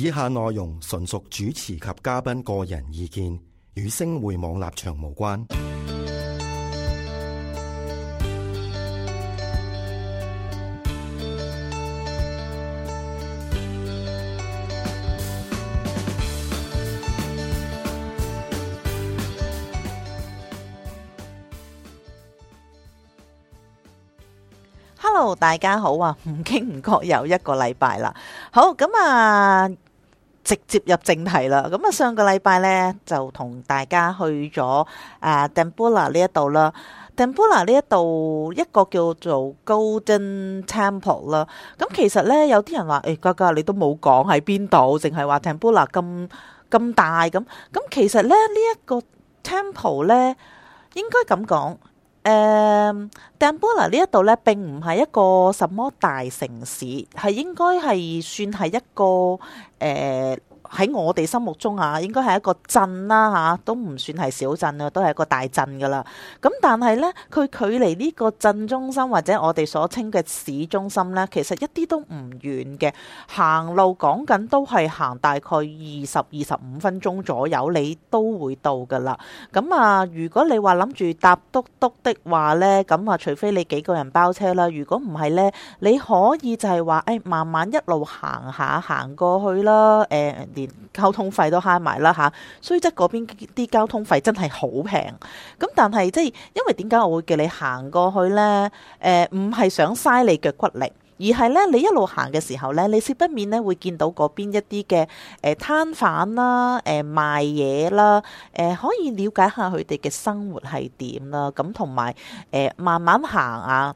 以下內容純屬主持及嘉賓個人意見，與星匯網立場無關。Hello，大家好啊！唔經唔覺又一個禮拜啦，好，咁啊。直接入正題啦！咁啊，上個禮拜咧就同大家去咗啊 Dambulla 呢一度啦。Dambulla 呢一度一個叫做 Golden Temple 啦。咁、嗯、其實咧有啲人話，誒、欸，哥哥，你都冇講喺邊度，淨係話 Dambulla 咁咁大咁。咁其實咧呢一、這個 Temple 咧應該咁講。誒，丹波拉呢一度咧並唔係一個什麼大城市，係應該係算係一個誒，Uh, 喺我哋心目中啊，應該係一個鎮啦吓，都唔算係小鎮啊，都係、啊、一個大鎮噶啦。咁但係咧，佢距離呢個鎮中心或者我哋所稱嘅市中心咧，其實一啲都唔遠嘅。行路講緊都係行大概二十、二十五分鐘左右，你都會到噶啦。咁啊，如果你話諗住搭嘟嘟的話咧，咁啊，除非你幾個人包車啦。如果唔係咧，你可以就係話誒慢慢一路行下行過去啦，誒、哎。連交通費都慳埋啦吓，所以即係嗰邊啲交通費真係好平。咁但係即係因為點解我會叫你行過去呢？誒、呃，唔係想嘥你腳骨力，而係呢，你一路行嘅時候呢，你勢得面呢，會見到嗰邊一啲嘅誒攤販啦，誒、呃、賣嘢啦，誒、呃、可以了解下佢哋嘅生活係點啦。咁同埋誒慢慢行啊。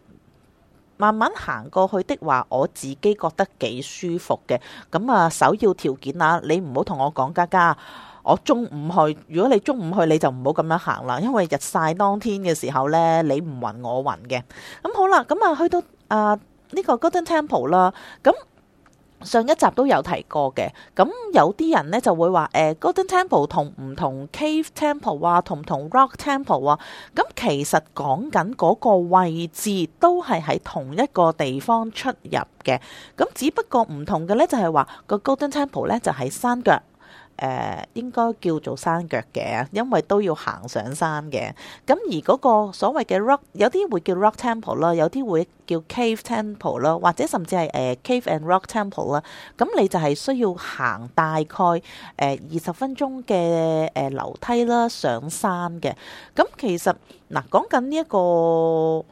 慢慢行過去的話，我自己覺得幾舒服嘅。咁啊，首要條件啊，你唔好同我講嘉嘉，我中午去，如果你中午去，你就唔好咁樣行啦，因為日曬當天嘅時候呢，你唔暈我暈嘅。咁好啦，咁啊，去到啊呢、呃呢個 Golden Temple 啦，咁。上一集都有提過嘅，咁有啲人咧就會話誒、欸、Golden Temple 同唔同 Cave Temple 啊，同唔同 Rock Temple 啊，咁其實講緊嗰個位置都係喺同一個地方出入嘅，咁只不過唔同嘅咧就係話個 Golden Temple 咧就喺、是、山腳。誒、uh, 應該叫做山腳嘅，因為都要行上山嘅。咁而嗰個所謂嘅 rock，有啲會叫 rock temple 啦，有啲會叫 cave temple 啦，或者甚至係誒、uh, cave and rock temple 啦。咁你就係需要行大概誒二十分鐘嘅誒、uh, 樓梯啦上山嘅。咁其實嗱、啊、講緊、這、呢、個、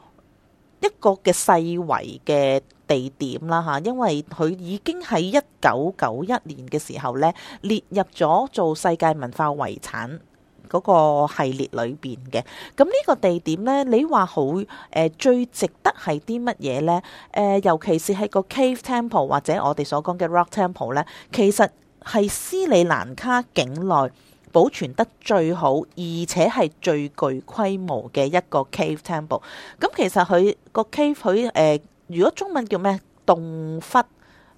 一個一個嘅世遺嘅。地點啦吓，因為佢已經喺一九九一年嘅時候咧列入咗做世界文化遺產嗰個系列裏邊嘅。咁呢個地點咧，你話好誒最值得係啲乜嘢咧？誒、呃，尤其是係個 Cave Temple 或者我哋所講嘅 Rock Temple 咧，其實係斯里蘭卡境內保存得最好而且係最具規模嘅一個 Cave Temple。咁、嗯、其實佢、個 Cave 佢誒。呃如果中文叫咩洞窟，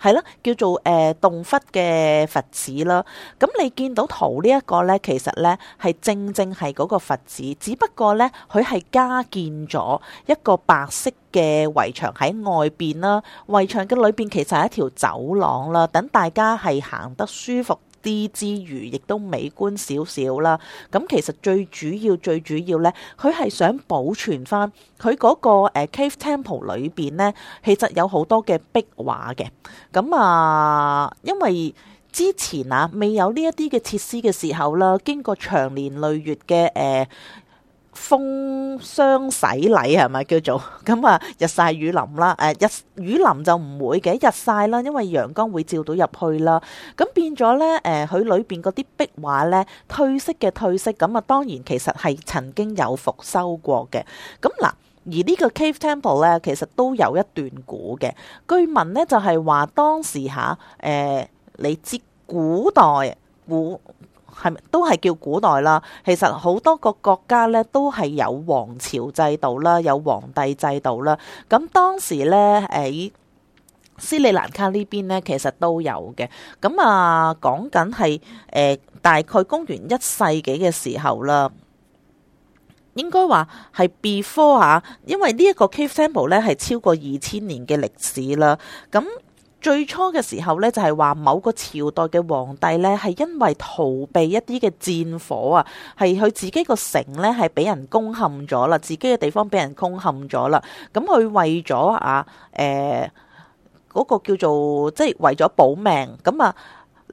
係啦，叫做誒、呃、洞窟嘅佛寺啦。咁你見到圖呢一個咧，其實咧係正正係嗰個佛寺，只不過咧佢係加建咗一個白色嘅圍牆喺外邊啦。圍牆嘅裏邊其實係一條走廊啦，等大家係行得舒服。啲之餘，亦都美觀少少啦。咁其實最主要、最主要呢，佢係想保存翻佢嗰個 Cave Temple 裏邊呢，其實有好多嘅壁畫嘅。咁啊，因為之前啊未有呢一啲嘅設施嘅時候啦，經過長年累月嘅誒、呃風霜洗禮係咪叫做咁啊、嗯？日曬雨淋啦，誒、呃，日雨淋就唔會嘅，日曬啦，因為陽光會照到入去啦，咁、嗯、變咗咧，誒、呃，佢裏邊嗰啲壁畫咧褪色嘅褪色，咁、嗯、啊，當然其實係曾經有復修過嘅。咁、嗯、嗱，而個呢個 Cave Temple 咧，其實都有一段古嘅。據聞咧，就係、是、話當時吓，誒、啊呃，你知古代古。係咪都係叫古代啦？其實好多個國家咧都係有皇朝制度啦，有皇帝制度啦。咁當時咧喺斯里蘭卡呢邊咧，其實都有嘅。咁啊，講緊係誒，大概公元一世紀嘅時候啦，應該話係 before 啊，因為呢一個 Cave Temple 咧係超過二千年嘅歷史啦。咁最初嘅時候咧，就係、是、話某個朝代嘅皇帝咧，係因為逃避一啲嘅戰火啊，係佢自己個城咧係俾人攻陷咗啦，自己嘅地方俾人攻陷咗啦，咁佢為咗啊誒嗰、呃那個叫做即係為咗保命咁啊。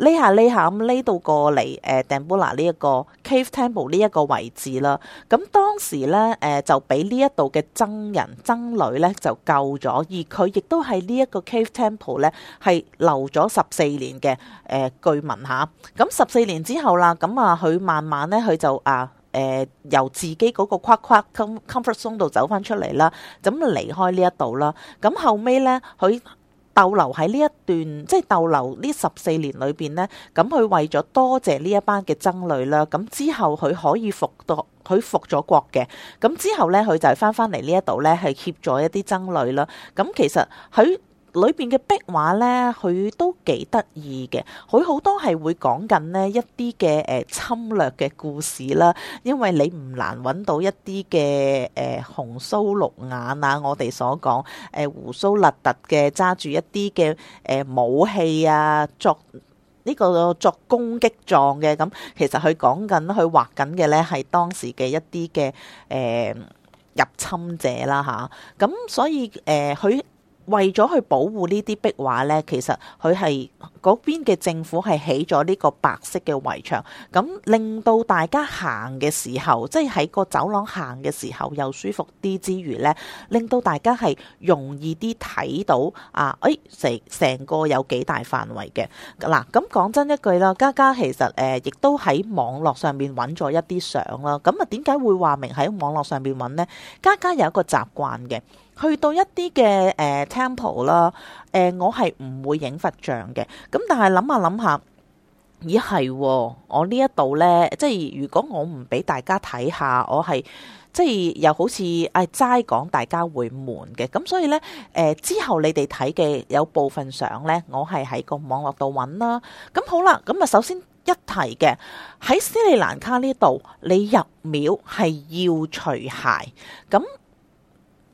匿下匿下咁匿到過嚟誒 Dambulla 呢一個 Cave Temple 呢一個位置啦，咁當時咧誒就俾呢一度嘅僧人僧侶咧就救咗，而佢亦都係呢一個 Cave Temple 咧係留咗十四年嘅誒據聞嚇，咁十四年之後啦，咁啊佢慢慢咧佢就啊誒、呃、由自己嗰個框框 com comfort zone 度走翻出嚟啦，咁離開呢一度啦，咁後尾咧佢。逗留喺呢一段，即係逗留呢十四年裏邊咧，咁佢為咗多謝呢一班嘅僧侶啦，咁之後佢可以復到，佢復咗國嘅，咁之後咧佢就係翻翻嚟呢一度咧，係協助一啲僧侶啦，咁其實佢。裏邊嘅壁畫咧，佢都幾得意嘅，佢好多係會講緊呢一啲嘅誒侵略嘅故事啦。因為你唔難揾到一啲嘅誒紅鬚綠眼啊，我哋所講誒、呃、鬍鬚立突嘅揸住一啲嘅誒武器啊，作呢、這個作攻擊狀嘅。咁、嗯、其實佢講緊佢畫緊嘅咧，係當時嘅一啲嘅誒入侵者啦，吓、啊。咁、嗯、所以誒佢。呃為咗去保護呢啲壁畫呢，其實佢係嗰邊嘅政府係起咗呢個白色嘅圍牆，咁令到大家行嘅時候，即係喺個走廊行嘅時候又舒服啲之餘呢，令到大家係容易啲睇到啊！哎，成成個有幾大範圍嘅。嗱，咁講真一句啦，嘉嘉其實誒亦都喺網絡上面揾咗一啲相啦。咁啊，點解會話明喺網絡上面揾呢？嘉嘉有一個習慣嘅。去到一啲嘅誒 temple 啦、呃，誒我係唔會影佛像嘅，咁但係諗下諗下，咦係，我呢一度咧，即係如果我唔俾大家睇下，我係即係又好似誒齋講，呃、大家會悶嘅，咁所以咧誒、呃、之後你哋睇嘅有部分相咧，我係喺個網絡度揾啦，咁好啦，咁啊首先一提嘅喺斯里蘭卡呢度，你入廟係要除鞋，咁。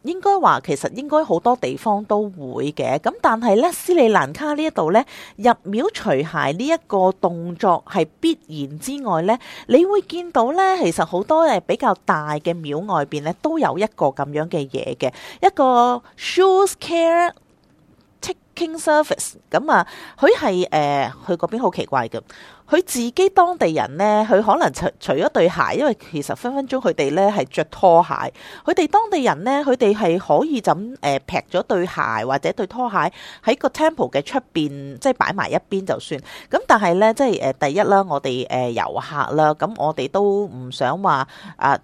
應該話其實應該好多地方都會嘅，咁但係咧斯里蘭卡裡呢一度咧入廟除鞋呢一個動作係必然之外咧，你會見到咧其實好多誒比較大嘅廟外邊咧都有一個咁樣嘅嘢嘅一個 shoes care taking service，咁啊佢係誒去嗰邊好奇怪嘅。佢自己當地人咧，佢可能除除咗對鞋，因為其實分分鐘佢哋咧係着拖鞋。佢哋當地人咧，佢哋係可以咁誒劈咗對鞋或者對拖鞋喺個 temple 嘅出邊，即係擺埋一邊就算。咁但係咧，即係誒第一啦，我哋誒、呃、遊客啦，咁我哋都唔想話啊、呃、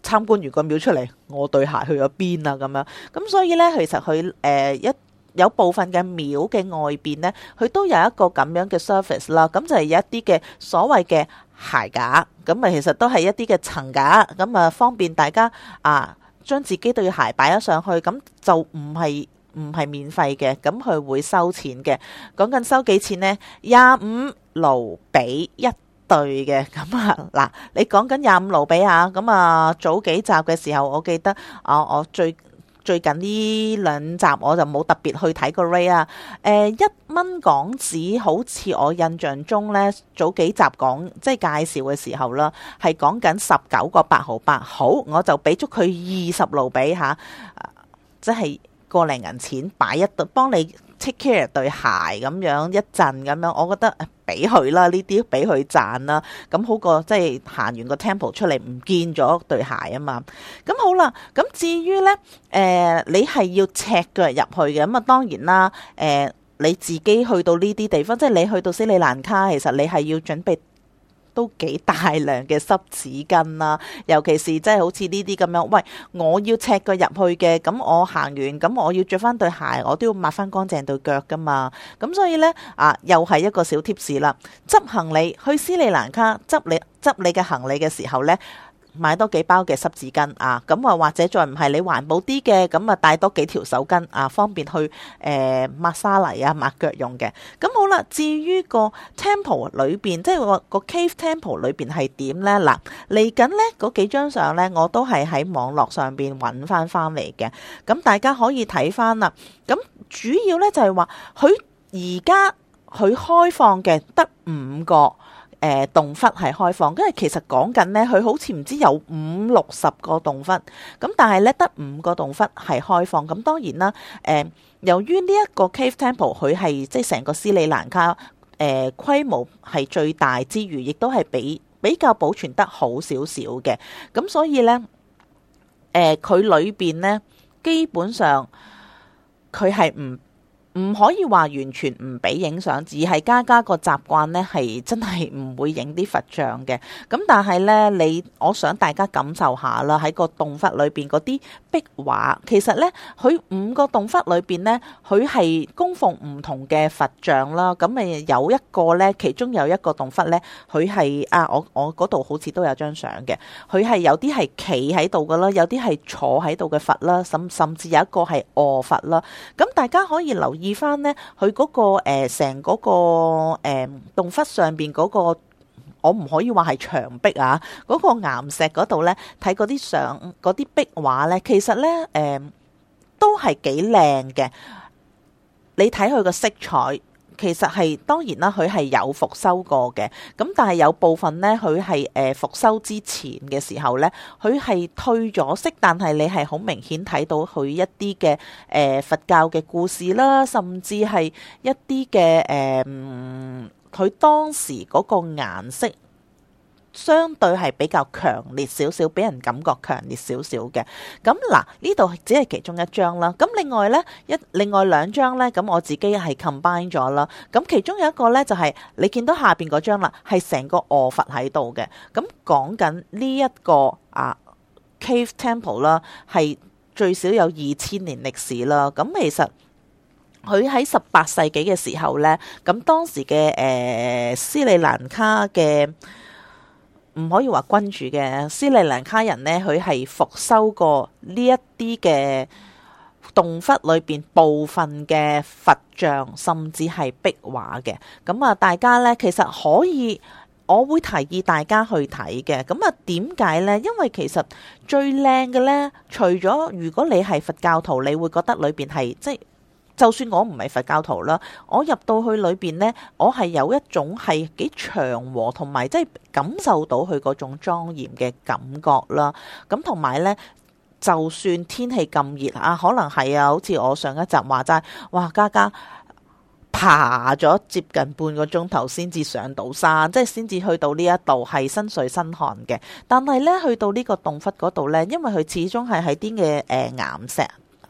參觀完個廟出嚟，我對鞋去咗邊啊咁樣。咁所以咧，其實佢誒、呃、一。有部分嘅廟嘅外邊呢，佢都有一個咁樣嘅 surface 啦。咁就係有一啲嘅所謂嘅鞋架，咁咪其實都係一啲嘅層架，咁啊方便大家啊將自己對鞋擺咗上去，咁就唔係唔係免費嘅，咁佢會收錢嘅。講緊收幾錢呢？廿五盧比一對嘅，咁啊嗱，你講緊廿五盧比啊？咁啊早幾集嘅時候，我記得啊，我最。最近呢兩集我就冇特別去睇個 Ray 啊，誒、呃、一蚊港紙好似我印象中，咧早幾集講即係介紹嘅時候啦，係講緊十九個八毫八，好，我就俾足佢二十盧比嚇、啊，即係個零銀錢擺一對幫你 take care 對鞋咁樣一陣咁樣，我覺得。俾佢啦，呢啲俾佢賺啦，咁好過即係行完個 temple 出嚟唔見咗對鞋啊嘛，咁好啦，咁至於呢，誒、呃，你係要赤腳入去嘅，咁啊，當然啦，誒、呃，你自己去到呢啲地方，即係你去到斯里蘭卡，其實你係要準備。都幾大量嘅濕紙巾啦、啊，尤其是即係好似呢啲咁樣，喂，我要赤腳入去嘅，咁我行完，咁我要着翻對鞋，我都要抹翻乾淨對腳噶嘛，咁所以呢，啊，又係一個小貼士啦，執行李去斯里蘭卡，執你執你嘅行李嘅時候呢。買多幾包嘅濕紙巾啊，咁啊或者再唔係你環保啲嘅，咁啊帶多幾條手巾啊，方便去誒、呃、抹沙泥啊、抹腳用嘅。咁好啦，至於個 temple 裏邊，即係話個 cave temple 裏邊係點咧？嗱，嚟緊咧嗰幾張相咧，我都係喺網絡上邊揾翻翻嚟嘅。咁大家可以睇翻啦。咁主要咧就係話，佢而家佢開放嘅得五個。誒、呃、洞窟係開放，因為其實講緊呢，佢好似唔知有五六十個洞窟，咁但係咧得五個洞窟係開放。咁當然啦，誒、呃、由於呢一個 Cave Temple 佢係即係成個斯里蘭卡誒、呃、規模係最大之餘，亦都係比比較保存得好少少嘅。咁所以呢，誒佢裏邊呢，基本上佢係唔唔可以話完全唔俾影相，只係家家個習慣咧係真係唔會影啲佛像嘅。咁但係咧，你我想大家感受下啦，喺個洞窟裏邊啲壁畫，其實咧佢五個洞窟裏邊咧，佢係供奉唔同嘅佛像啦。咁誒有一個咧，其中有一個洞窟咧，佢係啊我我嗰度好似都有張相嘅。佢係有啲係企喺度噶啦，有啲係坐喺度嘅佛啦，甚甚至有一個係臥佛啦。咁大家可以留意。而翻咧，佢嗰、那個成嗰、呃、個、那個呃、洞窟上邊嗰、那個，我唔可以話係牆壁啊，嗰、那個岩石嗰度咧，睇嗰啲相嗰啲壁畫咧，其實咧誒、呃、都係幾靚嘅。你睇佢個色彩。其實係當然啦，佢係有復修過嘅，咁但係有部分呢，佢係誒復修之前嘅時候呢，佢係退咗色，但係你係好明顯睇到佢一啲嘅誒佛教嘅故事啦，甚至係一啲嘅誒，佢、呃、當時嗰個顏色。相對係比較強烈少少，俾人感覺強烈少少嘅。咁嗱，呢度只係其中一張啦。咁另外呢，一另外兩張呢，咁我自己係 combine 咗啦。咁其中有一個呢，就係、是、你見到下邊嗰張啦，係成個臥佛喺度嘅。咁講緊呢一個啊 Cave Temple 啦，係最少有二千年歷史啦。咁其實佢喺十八世紀嘅時候呢，咁當時嘅誒、呃、斯里蘭卡嘅。唔可以話君主嘅斯里蘭卡人呢，佢係復修過呢一啲嘅洞窟裏邊部分嘅佛像，甚至係壁畫嘅。咁啊，大家呢，其實可以，我會提議大家去睇嘅。咁啊，點解呢？因為其實最靚嘅呢，除咗如果你係佛教徒，你會覺得裏邊係即係。就算我唔係佛教徒啦，我入到去裏邊呢，我係有一種係幾祥和，同埋即係感受到佢嗰種莊嚴嘅感覺啦。咁同埋呢，就算天氣咁熱啊，可能係啊，好似我上一集話齋，哇，家家爬咗接近半個鐘頭先至上到山，即係先至去到呢一度係身水身汗嘅。但係呢，去到呢個洞窟嗰度呢，因為佢始終係喺啲嘅誒岩石。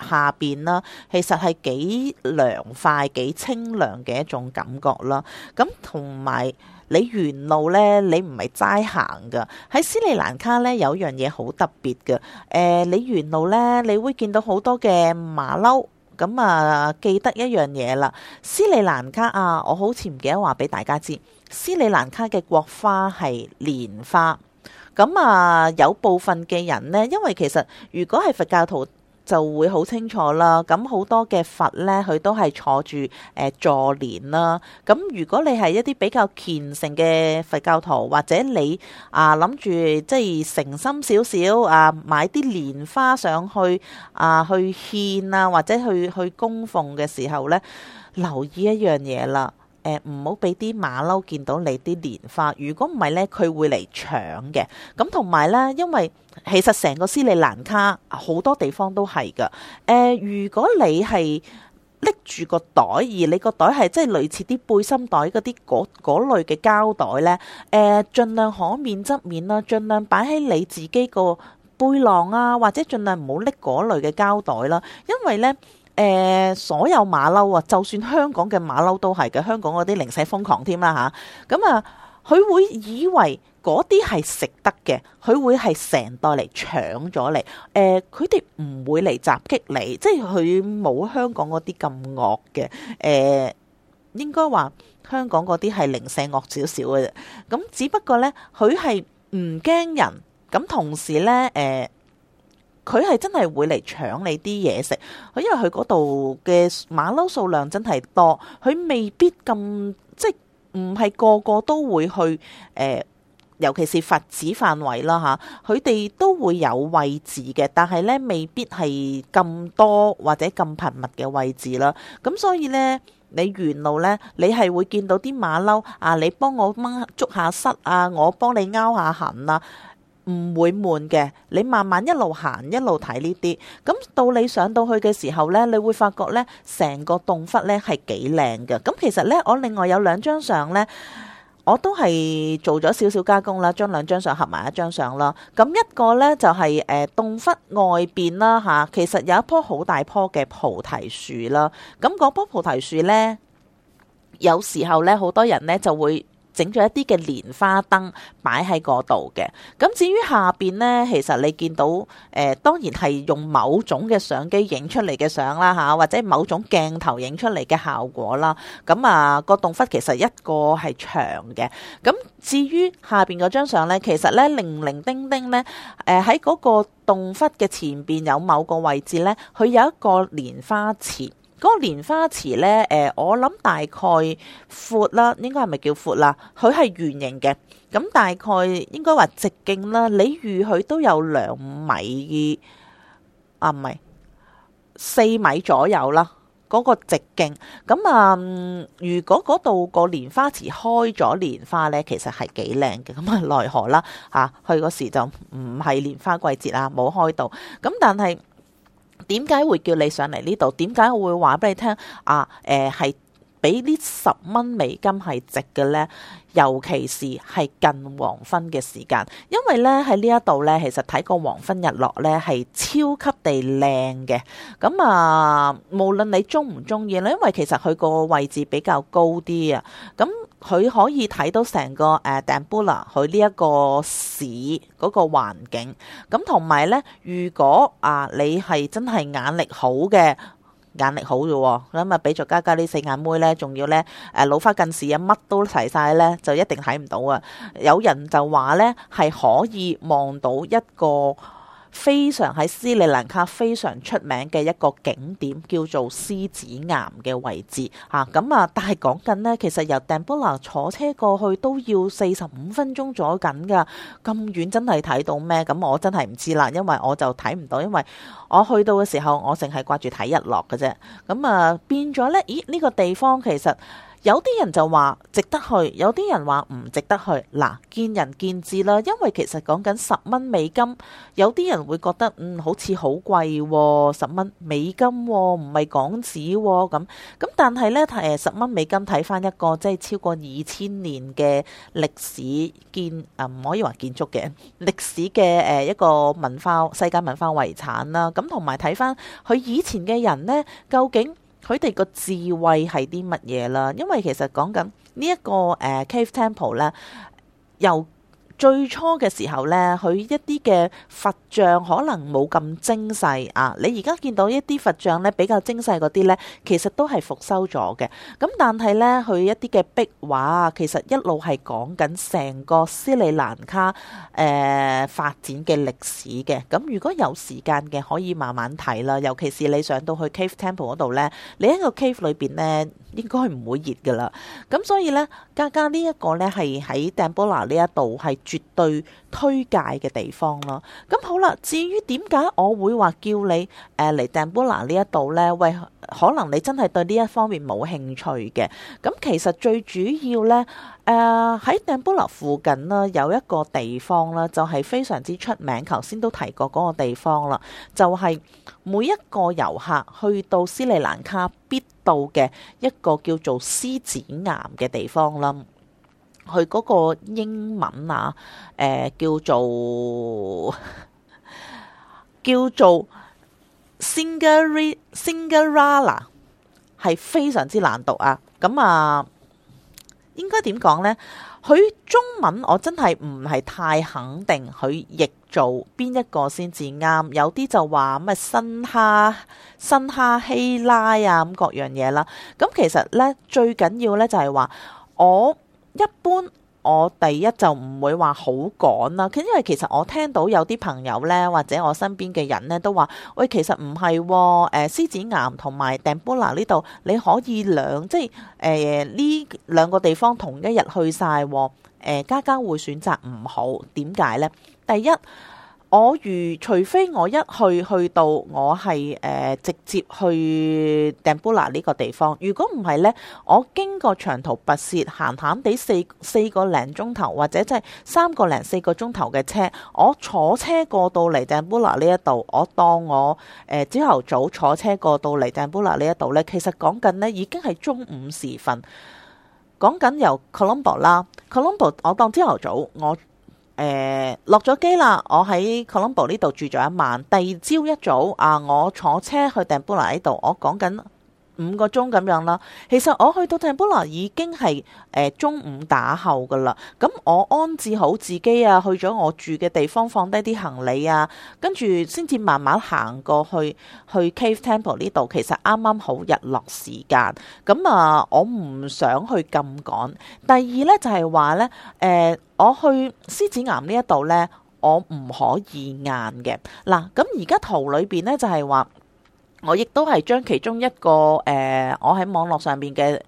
下邊啦，其實係幾涼快、幾清涼嘅一種感覺啦。咁同埋你沿路咧，你唔係齋行噶。喺斯里蘭卡咧，有樣嘢好特別嘅。誒、呃，你沿路咧，你會見到好多嘅馬騮。咁啊，記得一樣嘢啦。斯里蘭卡啊，我好似唔記得話俾大家知。斯里蘭卡嘅國花係蓮花。咁啊，有部分嘅人呢，因為其實如果係佛教徒。就會好清楚啦。咁好多嘅佛咧，佢都係坐住誒、呃、坐蓮啦、啊。咁如果你係一啲比較虔誠嘅佛教徒，或者你啊諗住即係誠心少少啊，買啲蓮花上去啊去獻啊，或者去去供奉嘅時候咧，留意一樣嘢啦。誒唔好俾啲馬騮見到你啲蓮花，如果唔係咧，佢會嚟搶嘅。咁同埋咧，因為其實成個斯里蘭卡好多地方都係㗎。誒、呃，如果你係拎住個袋，而你個袋係即係類似啲背心袋嗰啲嗰類嘅膠袋咧，誒、呃，盡量可免則免啦、啊，盡量擺喺你自己個背囊啊，或者盡量唔好拎嗰類嘅膠袋啦，因為咧。誒、呃，所有馬騮啊，就算香港嘅馬騮都係嘅，香港嗰啲零舍瘋狂添啦吓，咁啊，佢會以為嗰啲係食得嘅，佢會係成袋嚟搶咗嚟。誒、啊，佢哋唔會嚟襲擊你，即係佢冇香港嗰啲咁惡嘅。誒、啊，應該話香港嗰啲係零舍惡少少嘅啫，咁只不過咧，佢係唔驚人，咁同時咧，誒、啊。佢係真係會嚟搶你啲嘢食，因為佢嗰度嘅馬騮數量真係多，佢未必咁即係唔係個個都會去誒、呃，尤其是佛寺範圍啦嚇，佢哋都會有位置嘅，但係咧，未必係咁多或者咁頻密嘅位置啦。咁所以咧，你沿路咧，你係會見到啲馬騮啊，你幫我掹捉下蝨啊，我幫你勾下痕啊。唔會悶嘅，你慢慢一路行，一路睇呢啲。咁到你上到去嘅時候呢，你會發覺呢，成個洞窟呢係幾靚嘅。咁其實呢，我另外有兩張相呢，我都係做咗少少加工啦，將兩張相合埋一張相咯。咁一個呢就係誒洞窟外邊啦吓，其實有一棵好大棵嘅菩提樹啦。咁嗰棵菩提樹呢，有時候呢，好多人呢就會。整咗一啲嘅蓮花燈擺喺嗰度嘅，咁至於下邊呢，其實你見到誒、呃，當然係用某種嘅相機影出嚟嘅相啦嚇，或者某種鏡頭影出嚟嘅效果啦。咁啊個洞窟其實一個係長嘅，咁至於下邊嗰張相呢，其實呢，零零丁丁丁呢，誒喺嗰個洞窟嘅前邊有某個位置呢，佢有一個蓮花池。嗰個蓮花池咧，誒，我諗大概闊啦，應該係咪叫闊啦？佢係圓形嘅，咁大概應該話直徑啦。你預佢都有兩米，啊，唔係四米左右啦。嗰、那個直徑，咁啊、嗯，如果嗰度個蓮花池開咗蓮花咧，其實係幾靚嘅。咁啊，奈何啦，吓、啊，佢嗰時就唔係蓮花季節啦，冇開到。咁但係。點解會叫你上嚟呢度？點解我會話俾你聽啊？誒、呃、係。俾呢十蚊美金係值嘅呢，尤其是係近黃昏嘅時間，因為呢喺呢一度呢，其實睇個黃昏日落呢係超級地靚嘅。咁啊，無論你中唔中意咧，因為其實佢個位置比較高啲啊，咁佢可以睇到成個誒 Dambulla 佢呢一個市嗰個環境。咁同埋呢，如果啊你係真係眼力好嘅。眼力好嘅，咁啊比作家家呢四眼妹咧，仲要咧，誒老花近視啊，乜都齊晒咧，就一定睇唔到啊！有人就話咧，係可以望到一個。非常喺斯里蘭卡非常出名嘅一個景點叫做獅子岩嘅位置，嚇咁啊！但係講緊呢，其實由丹布拉坐車過去都要四十五分鐘左緊㗎，咁遠真係睇到咩？咁我真係唔知啦，因為我就睇唔到，因為我去到嘅時候，我淨係掛住睇日落嘅啫。咁啊，變咗呢，咦？呢個地方其實～有啲人就話值得去，有啲人話唔值得去，嗱，見仁見智啦。因為其實講緊十蚊美金，有啲人會覺得嗯好似好貴，十蚊美金喎，唔係港紙咁喎。咁但係呢，誒十蚊美金睇翻一個，即係超過二千年嘅歷史建，誒、啊、唔可以話建築嘅歷史嘅誒一個文化世界文化遺產啦、啊。咁同埋睇翻佢以前嘅人呢，究竟？佢哋個智慧係啲乜嘢啦？因為其實講緊呢一個誒 Cave Temple 咧，又。最初嘅時候呢，佢一啲嘅佛像可能冇咁精細啊！你而家見到一啲佛像呢，比較精細嗰啲呢，其實都係復修咗嘅。咁但係呢，佢一啲嘅壁畫啊，其實一路係講緊成個斯里蘭卡誒、呃、發展嘅歷史嘅。咁如果有時間嘅，可以慢慢睇啦。尤其是你上到去 Cave Temple 嗰度呢，你喺個 cave 裏邊呢，應該唔會熱噶啦。咁所以呢，家家呢一個呢，係喺 Dambulla 呢一度係。絕對推介嘅地方咯，咁好啦。至於點解我會話叫你誒嚟丹布拉呢一度呢？喂，可能你真係對呢一方面冇興趣嘅。咁其實最主要呢，誒喺丹布拉附近啦，有一個地方啦，就係非常之出名。頭先都提過嗰個地方啦，就係每一個遊客去到斯里蘭卡必到嘅一個叫做獅子岩嘅地方啦。佢嗰個英文啊，誒、呃、叫做叫做 Sinharaja，係非常之難讀啊！咁、嗯、啊，應該點講呢？佢中文我真係唔係太肯定，佢譯做邊一個先至啱？有啲就話咩新哈新哈希拉啊咁各樣嘢啦。咁、嗯、其實呢，最緊要呢就係話我。一般我第一就唔會話好趕啦，因為其實我聽到有啲朋友呢，或者我身邊嘅人呢，都話，喂，其實唔係喎，誒、呃，獅子岩同埋丹布拉呢度你可以兩即係誒呢兩個地方同一日去晒誒、呃、家家會選擇唔好。點解呢？第一。我如除非我一去去到我係誒、呃、直接去 Dambulla 呢個地方，如果唔係呢，我經過長途跋涉，閒閒地四四個零鐘頭，或者即係三個零四個鐘頭嘅車，我坐車過到嚟 Dambulla 呢一度，我當我誒朝頭早坐車過到嚟 Dambulla 呢一度呢其實講緊呢已經係中午時分，講緊由 Colombo 啦 Colombo 我當朝頭早我。誒，落咗機啦，我喺 Colombo 呢度住咗一晚。第二朝一早啊，我坐車去 Dambulla 呢度，我講緊。五個鐘咁樣啦，其實我去到 Temple 已經係誒、呃，中午打後噶啦。咁我安置好自己啊，去咗我住嘅地方，放低啲行李啊，跟住，先至慢慢行過去去 Cave Temple 呢度。其實啱啱好日落時間，咁啊，我唔想去咁趕。第二咧就係話咧，誒、呃，我去獅子岩呢一度咧，我唔可以硬嘅。嗱，咁而家圖裏邊咧就係、是、話。我亦都係將其中一個誒、呃，我喺網絡上面嘅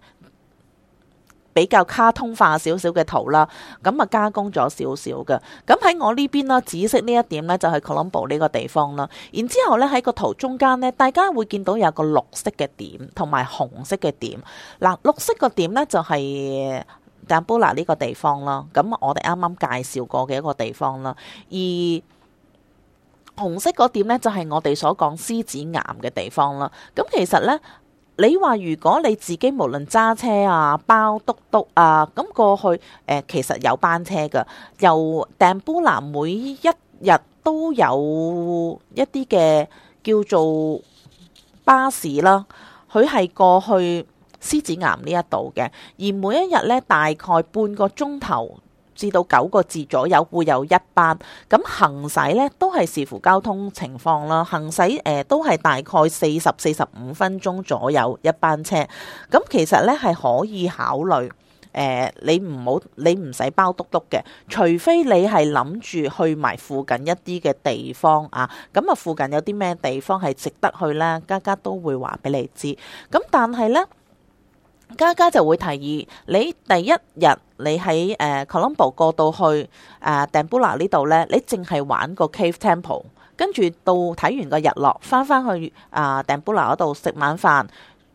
比較卡通化少少嘅圖啦，咁啊加工咗少少嘅。咁喺我邊呢邊啦，紫色呢一點呢，就係、是、Colombo 呢個地方啦。然之後呢，喺個圖中間呢，大家會見到有個綠色嘅點同埋紅色嘅點。嗱、呃，綠色個點呢，就係、是、Dambulla 呢個地方啦。咁我哋啱啱介紹過嘅一個地方啦，而。紅色嗰點咧，就係、是、我哋所講獅子岩嘅地方啦。咁其實咧，你話如果你自己無論揸車刀刀啊、包嘟嘟啊，咁過去誒、呃，其實有班車噶，由 Dambulla 每一日都有一啲嘅叫做巴士啦。佢係過去獅子岩呢一度嘅，而每一日咧大概半個鐘頭，至到九個字左右會有一班，咁行駛咧都係視乎交通情況啦。行駛誒、呃、都係大概四十四十五分鐘左右一班車。咁其實咧係可以考慮誒、呃，你唔好你唔使包篤篤嘅，除非你係諗住去埋附近一啲嘅地方啊。咁啊，附近有啲咩地方係值得去咧？嘉嘉都會話俾你知。咁但係咧，嘉嘉就會提議你第一日。你喺誒 Colombo 過到去啊 Dambula 呢度呢，你淨係玩個 Cave Temple，跟住到睇完個日落，翻翻去啊 Dambula 嗰度食晚飯，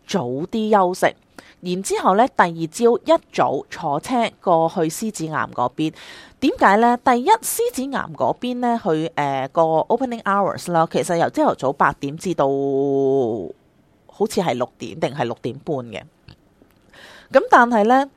早啲休息，然之後呢，第二朝一早坐車過去獅子岩嗰邊。點解呢？第一，獅子岩嗰邊咧去誒個 Opening Hours 啦，其實由朝頭早八點至到好似係六點定係六點半嘅。咁但係呢。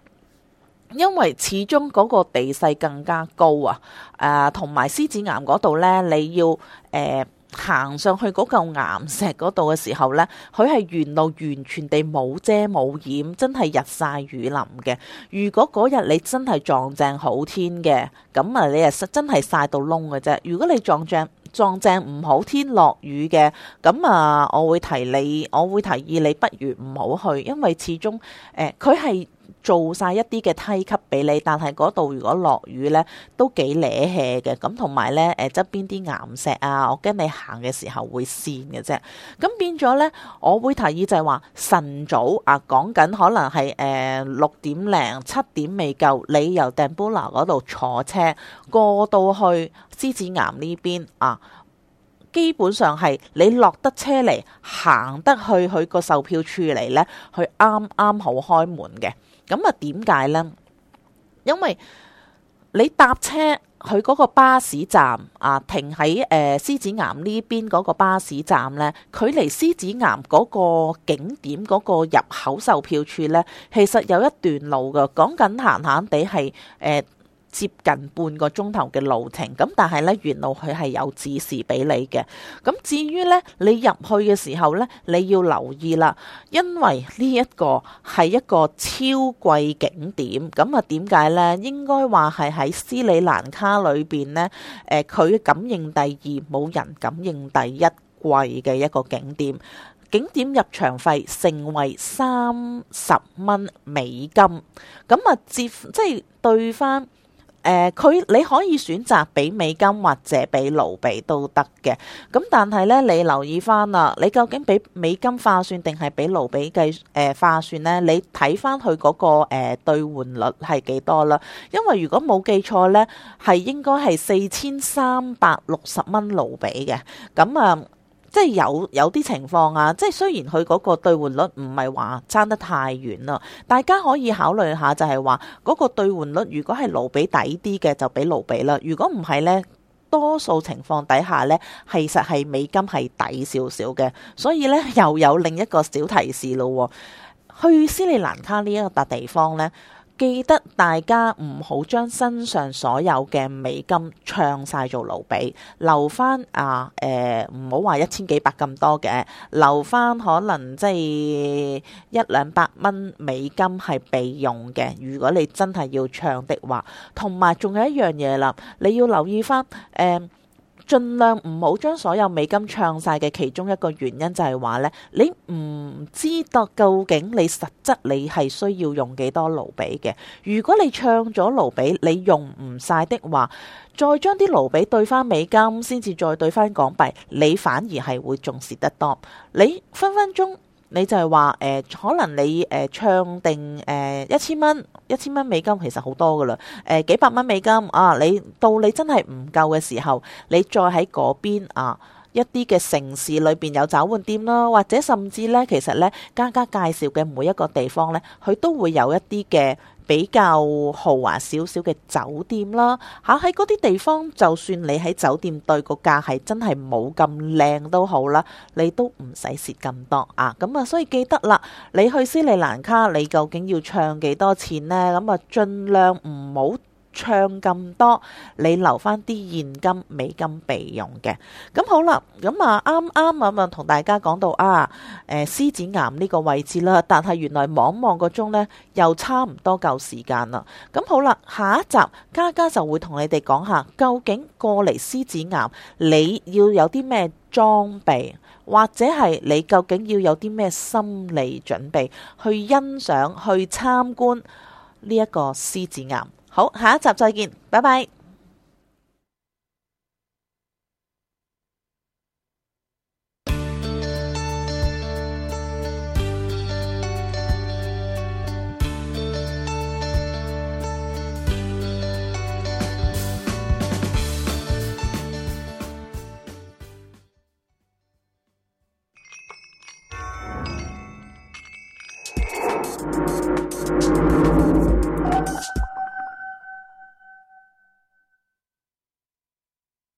因為始終嗰個地勢更加高啊，誒、呃，同埋獅子岩嗰度呢，你要誒行、呃、上去嗰嚿岩石嗰度嘅時候呢，佢係沿路完全地冇遮冇掩，真係日晒雨淋嘅。如果嗰日你真係撞正好天嘅，咁啊你啊真真係晒到窿嘅啫。如果你撞正撞正唔好天落雨嘅，咁啊我會提你，我會提議你不如唔好去，因為始終誒佢係。呃做晒一啲嘅梯級俾你，但係嗰度如果落雨呢，都幾惹氣嘅。咁同埋呢，誒側邊啲岩石啊，我驚你行嘅時候會跣嘅啫。咁變咗呢，我會提議就係話晨早啊，講緊可能係誒六點零七點未夠，你由 Dambulla 嗰度坐車過到去獅子岩呢邊啊，基本上係你落得車嚟，行得去佢個售票處嚟呢，佢啱啱好開門嘅。咁啊，點解呢？因為你搭車去嗰個巴士站啊，停喺誒獅子岩呢邊嗰個巴士站呢，距離獅子岩嗰個景點嗰個入口售票處呢，其實有一段路㗎，講緊閒閒地係誒。呃接近半個鐘頭嘅路程咁，但係呢，原來佢係有指示俾你嘅。咁至於呢，你入去嘅時候呢，你要留意啦，因為呢一個係一個超貴景點。咁啊，點解呢？應該話係喺斯里蘭卡裏邊呢，誒、呃，佢敢認第二，冇人敢認第一貴嘅一個景點。景點入場費成為三十蚊美金，咁啊，折即係對翻。誒，佢、呃、你可以選擇俾美金或者俾盧比都得嘅，咁但係咧你留意翻啦，你究竟俾美金化算定係俾盧比計誒化算咧？你睇翻佢嗰個誒兌換率係幾多啦？因為如果冇記錯咧，係應該係四千三百六十蚊盧比嘅，咁啊。即係有有啲情況啊，即係雖然佢嗰個兌換率唔係話爭得太遠啦，大家可以考慮下就，就係話嗰個兌換率如果係盧比抵啲嘅就俾盧比啦。如果唔係呢，多數情況底下呢，其實係美金係抵少少嘅。所以呢，又有另一個小提示咯，去斯里蘭卡呢一個笪地方呢。記得大家唔好將身上所有嘅美金唱晒做盧比，留翻啊誒，唔好話一千幾百咁多嘅，留翻可能即係一兩百蚊美金係備用嘅。如果你真係要唱的話，同埋仲有一樣嘢啦，你要留意翻誒。呃儘量唔好將所有美金唱晒嘅其中一個原因就係話呢，你唔知道究竟你實質你係需要用幾多盧比嘅。如果你唱咗盧比，你用唔晒的話，再將啲盧比兌翻美金，先至再兌翻港幣，你反而係會重蝕得多。你分分鐘。你就係話誒，可能你誒、呃、唱定誒一千蚊，一千蚊美金其實好多噶啦，誒、呃、幾百蚊美金啊！你到你真係唔夠嘅時候，你再喺嗰邊啊一啲嘅城市裏邊有找換店啦，或者甚至咧，其實咧家家介紹嘅每一個地方咧，佢都會有一啲嘅。比較豪華少少嘅酒店啦，吓喺嗰啲地方，就算你喺酒店對個價係真係冇咁靚都好啦，你都唔使蝕咁多啊。咁啊，所以記得啦，你去斯里蘭卡，你究竟要唱幾多錢呢？咁啊，盡量唔好唱咁多，你留翻啲現金美金備用嘅。咁好啦，咁啊啱啱啊，咪同大家講到啊，誒獅子岩呢個位置啦。但係原來望望個鐘呢，又差唔多夠時間啦。咁好啦，下一集嘉嘉就會同你哋講下，究竟過嚟獅子岩你要有啲咩裝備，或者係你究竟要有啲咩心理準備去欣賞、去參觀呢一個獅子岩。好，下一集再見，拜拜。